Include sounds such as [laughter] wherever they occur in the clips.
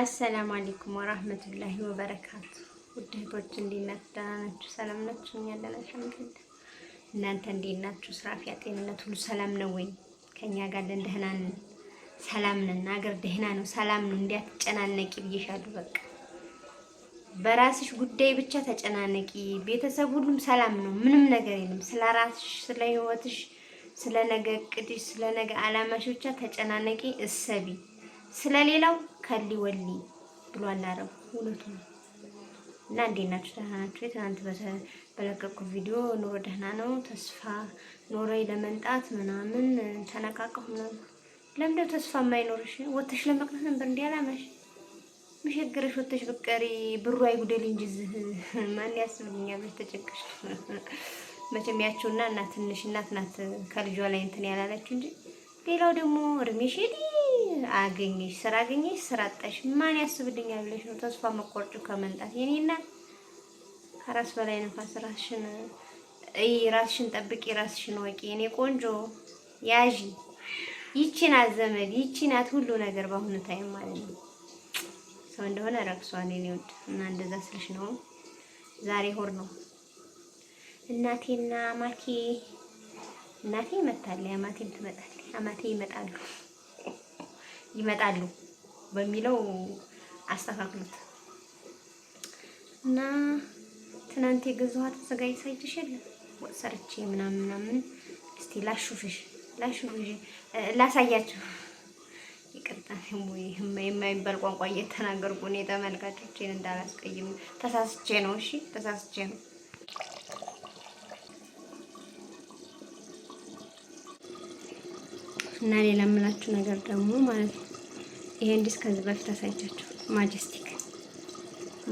አሰላሙ አለይኩም ወራህመቱላሂ ወበረካቱ። ውድ እህቶች እንዴት ናችሁ? ደህና ናችሁ? ሰላም ናችሁ? እኛ ደህና ነን። እናንተ እንዴት ናችሁ? ስራ፣ ጤንነት ሁሉ ሰላም ነው ወይ? ከኛ ጋር ደህና ደህናን ሰላም ነን። አገር ደህና ነው፣ ሰላም ነው። እንዲያትጨናነቂ ብዬሻለሁ። በቃ በራስሽ ጉዳይ ብቻ ተጨናነቂ። ቤተሰብ ሁሉም ሰላም ነው፣ ምንም ነገር የለም። ስለ ራስሽ፣ ስለ ህይወትሽ፣ ስለ ነገ እቅድሽ፣ ስለ ነገ አላማሽ ብቻ ተጨናነቂ፣ እሰቢ ስለሌላው ከሊ ወሊ ብሏል አረቡ። እውነቱ ነው። እና እንዴት ናችሁ? ደህና ናችሁ? የትናንት በለቀቅኩት ቪዲዮ ኑሮ ደህና ነው፣ ተስፋ ኖሮ ለመምጣት ምናምን ተነቃቀሁ ነው። ለምንድነው ተስፋ የማይኖርሽ? ወተሽ ለመቅረት ነበር እንዲ አላማሽ ምሽግርሽ ወተሽ ብቀሪ ብሩ አይጉደል እንጂ ዝህ [laughs] ማን ያስብልኛል ብለሽ ተጨንቀሽ መቼም ያችሁና እናት ትንሽ እናት ናት ከልጇ ላይ እንትን ያላላችሁ እንጂ ሌላው ደግሞ እድሜሽን አገኘሽ ስራ አገኘሽ ስራ አጣሽ ማን ያስብልኛል ብለሽ ነው ተስፋ መቆርጩ ከመንጣት የኔና ከራስ በላይ ነፋስ ራስሽን እይ፣ ራስሽን ጠብቂ፣ ራስሽን ወቂ። የኔ ቆንጆ ያዥ ይቺን አዘመድ ይቺን አት ሁሉ ነገር በአሁኑ ታይም ማለት ነው ሰው እንደሆነ ረክሷል። የኔ ውድ እና እንደዛ ስልሽ ነው ዛሬ ሆር ነው እናቴና ማቴ እናቴ መታለ ማቴም ትመጣል አማቴ ይመጣሉ ይመጣሉ በሚለው አስተካክሉት እና ትናንት የገዛኋትን ስጋ ይሳይሽ የለም ወጥ ሰርቼ ምናምን ምናምን። እስቲ ላሹፍሽ ላሹፍሽ ላሳያችሁ። ይቅርታ የማይባል ቋንቋ እየተናገርኩ እኔ ተመልካቾቼን እንዳላስቀይም ተሳስቼ ነው። እሺ ተሳስቼ ነው። እና ሌላ የምላችሁ ነገር ደግሞ ማለት ነው ይሄን ዲስ ከዚህ በፊት አሳይቻችሁ ማጀስቲክ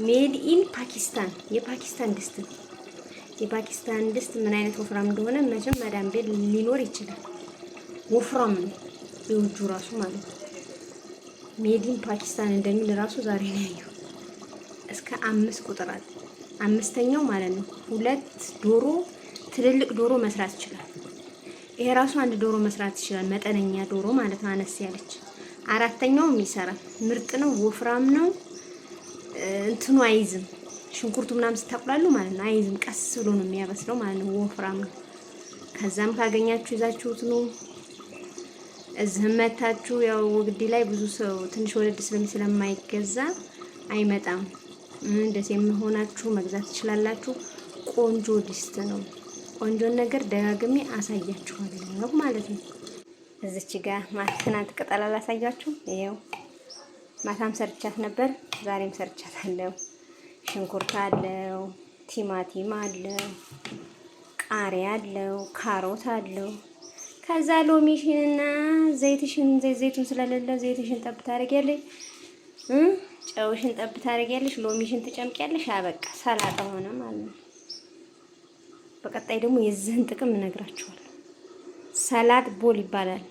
ሜድ ኢን ፓኪስታን የፓኪስታን ድስት የፓኪስታን ድስት ምን አይነት ወፍራም እንደሆነ መቼም ማዳም ቤት ሊኖር ይችላል። ወፍራም ነው የውጁ ራሱ ማለት ነው። ሜዲን ፓኪስታን እንደሚል ራሱ ዛሬ ነው ያየው። እስከ አምስት ቁጥራት አምስተኛው ማለት ነው። ሁለት ዶሮ ትልልቅ ዶሮ መስራት ይችላል። ይሄ ራሱ አንድ ዶሮ መስራት ይችላል። መጠነኛ ዶሮ ማለት ነው፣ አነስ ያለች። አራተኛውም ይሰራል። ምርጥ ነው፣ ወፍራም ነው። እንትኑ አይዝም፣ ሽንኩርቱ ምናምን ስታቁላሉ ማለት ነው አይዝም። ቀስ ብሎ ነው የሚያበስለው ማለት ነው፣ ወፍራም ነው። ከዛም ካገኛችሁ ይዛችሁት ነው። እዚህም መታችሁ ያው ወግዲ ላይ ብዙ ሰው ትንሽ ወለድ ስለማይገዛ አይመጣም። እንደዚህ የምሆናችሁ መግዛት ትችላላችሁ። ቆንጆ ድስት ነው። ቆንጆን ነገር ደጋግሜ አሳያችኋለሁ ማለት ነው። እዚች ጋ ትናንት ቅጠል አላሳያችሁ? ይኸው ማታም ሰርቻት ነበር፣ ዛሬም ሰርቻት አለው። ሽንኩርት አለው፣ ቲማቲም አለው፣ ቃሪያ አለው፣ ካሮት አለው። ከዛ ሎሚሽንና ዘይትሽን ዘይቱን ስለሌለ ዘይትሽን ጠብ ታደርጊያለሽ እ ጨውሽን ጠብ ታደርጊያለሽ፣ ሎሚሽን ትጨምቂያለሽ። አበቃ ሰላጣ ሆነ ማለት ነው። በቀጣይ ደግሞ የዚህን ጥቅም እነግራችኋለሁ። ሰላት ቦል ይባላል።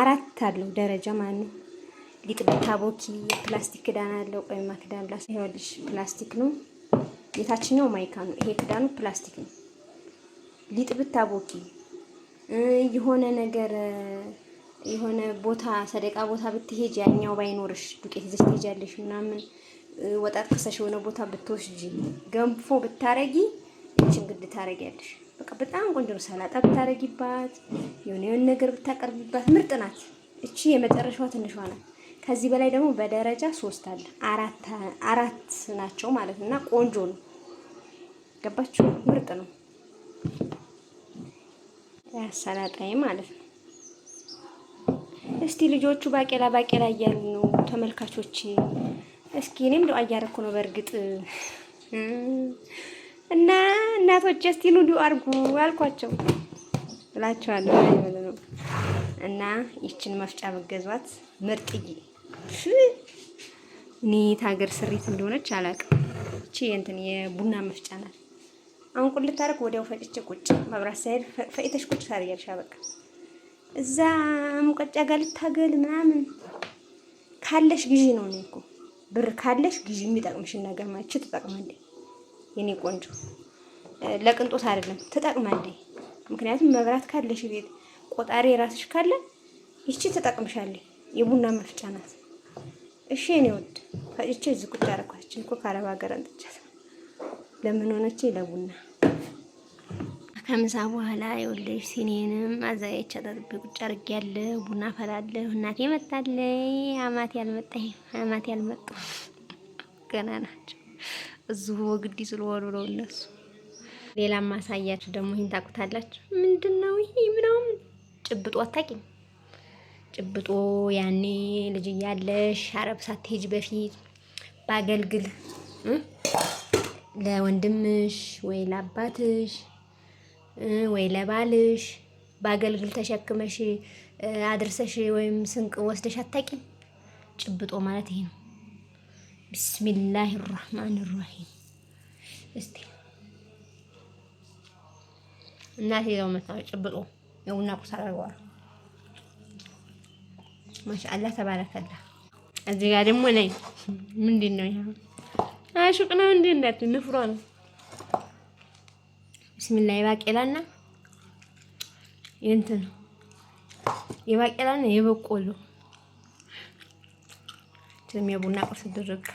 አራት አለው ደረጃ ማለት ነው። ሊጥ ብታቦኪ ፕላስቲክ ክዳን አለው። ቆይማ ክዳን ይኸውልሽ፣ ፕላስቲክ ነው። የታችኛው ማይካ ነው። ይሄ ክዳኑ ፕላስቲክ ነው። ሊጥ ብታቦኪ የሆነ ነገር የሆነ ቦታ ሰደቃ ቦታ ብትሄጅ ያኛው ባይኖርሽ ዱቄት ይዘሽ ትሄጃለሽ ምናምን ወጣት ከሰሽ የሆነ ቦታ ብትወስጂ ገንፎ ብታረጊ ይችን ግድ ታረጊያለሽ። በቃ በጣም ቆንጆ ነው። ሰላጣ ብታረጊባት፣ የሆነ የሆነ ነገር ብታቀርቢባት ምርጥ ናት። እቺ የመጨረሻዋ ትንሿ ናት። ከዚህ በላይ ደግሞ በደረጃ ሶስት አለ አራት ናቸው ማለት ነው። እና ቆንጆ ነው። ገባችሁ? ምርጥ ነው ሰላጣዬ ማለት ነው። እስቲ ልጆቹ ባቄላ ባቄላ እያሉ ነው ተመልካቾቼ። እስኪ እኔም ደው አያረኩ ነው በእርግጥ እና እናቶች ጀስቲኑ ዱ አርጉ አልኳቸው ብላቸዋለሁ ነው እና ይችን መፍጫ መገዟት ምርጥዬ ኒት ሀገር ስሪት እንደሆነች አላውቅም። እቺ እንትን የቡና መፍጫ ናት። አሁን ቁል ልታረግ ወዲያው ፈጭቼ ቁጭ መብራት ሳይል ፈጭተሽ ቁጭ ታደርጊያለሽ። በቃ እዛ ሙቀጫ ጋር ልታገል ምናምን ካለሽ ጊዜ ነው። እኔ እኮ ብር ካለሽ ጊዜ የሚጠቅምሽን ነገር ማች ትጠቅማለች የኔ ቆንጆ ለቅንጦት አይደለም ትጠቅማለች። ምክንያቱም መብራት ካለሽ ቤት ቆጣሪ የራስሽ ካለ ይቺ ትጠቅምሻለች። የቡና መፍጫ ናት። እሺ እኔ ወድ ፈጭቼ እዚህ ቁጭ አደረኳችን እኮ ከአረብ ሀገር አንጥቻት ለምን ሆነች ለቡና ከምሳ በኋላ የወለጅ ሲኔንም አዘጋጅቼ አጣጥቤ ቁጭ አድርጌያለሁ። ቡና ፈላለሁ። እናቴ መጣለይ። አማቴ አልመጣ አማቴ አልመጡ ገና ናቸው። እዚሁ ወግዲ ስለሆኑ ነው እነሱ። ሌላ ማሳያችሁ ደግሞ ይህን ታውቁታላችሁ። ምንድን ነው ይሄ ምናምን ጭብጦ አታውቂም? ጭብጦ ያኔ ልጅ እያለሽ አረብ ሳትሄጅ በፊት በአገልግል ለወንድምሽ ወይ ለአባትሽ ወይ ለባልሽ በአገልግል ተሸክመሽ አድርሰሽ ወይም ስንቅ ወስደሽ አታውቂም? ጭብጦ ማለት ይሄ ነው። ቢስሚላህ ራህማን ራሂም። እስቲ እናቴ ያው መታው ጭብጦ የቡና ቁስ አደርገዋል። ማሻአላህ ተባረከላ። እዚህ ጋር ደግሞ ነኝ። ምንድን ነው ይሄ? አሹቅ ነው እንዴ? እንዳት ንፍሮ ነው። ቢስሚላህ የባቄላና የእንትን የባቄላና የበቆሎ አይመስልም። የቡና ቁርስ ድርቅ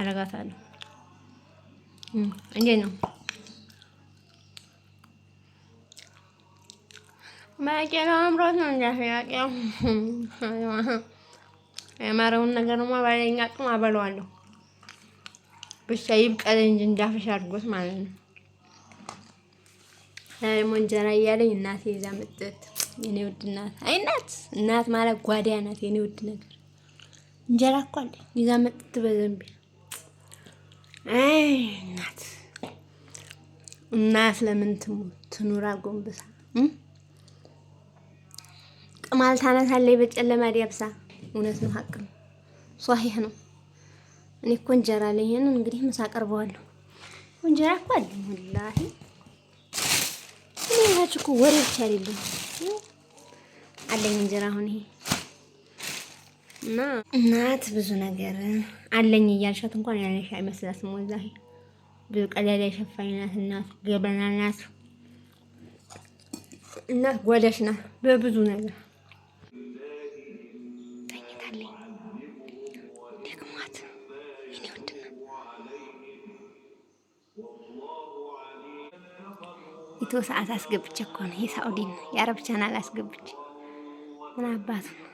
አረጋታለሁ። እንዴት ነው ባቄላው? አምሮት ነው እንጃ ያቄው የማረውን ነገር ደግሞ ባለኛ አቅም አበለዋለሁ። ብቻ ይብቀል እንጂ እንዳፈሽ አድርጎት ማለት ነው። ደግሞ እንጀራ እያለኝ እናቴ ይዛ መጠት የኔ ውድ እናት። አይ እናት እናት ማለት ጓዳ ናት የኔ ውድ ነገር እንጀራ እኮ አለ ይዛ መጥት በዘንብ አይ እናት እናት ለምን ትኑር አጎንብሳ ቅማል ታነሳለች በጨለማ ዲያብሳ። እውነት ነው፣ ሀቅ ነው፣ ሷሂህ ነው። እኔ እኮ እንጀራ ላይ ይሄንን እንግዲህ ምሳ አቀርበዋለሁ። እንጀራ እኮ አለ ወላሂ። እኔ ያችሁ እኮ ወሬ ብቻ አይደለም አለኝ እንጀራ አሁን ይሄ እና እናት ብዙ ነገር አለኝ እያልሻት እንኳን ያለሽ አይመስላትም። ወዛ ብዙ ቀዳዳ የሸፋኝ ናት እናት፣ ገበና ናት እናት፣ ጓዳሽ ናት በብዙ ነገር ኢትዮ ሰዓት አስገብቼ እኮ ነው የሳኡዲን የአረብ ቻናል አስገብቼ ምን አባት ነው